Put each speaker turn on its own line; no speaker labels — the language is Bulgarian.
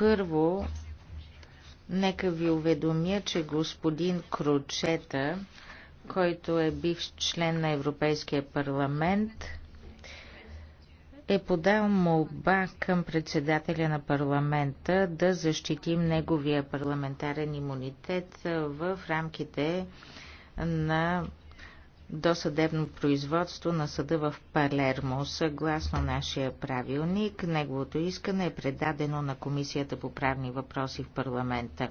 Първо, нека ви уведомя, че господин Кручета, който е бивш член на Европейския парламент, е подал молба към председателя на парламента да защитим неговия парламентарен имунитет в рамките на досъдебно производство на съда в Палермо. Съгласно нашия правилник, неговото искане е предадено на Комисията по правни въпроси в парламента.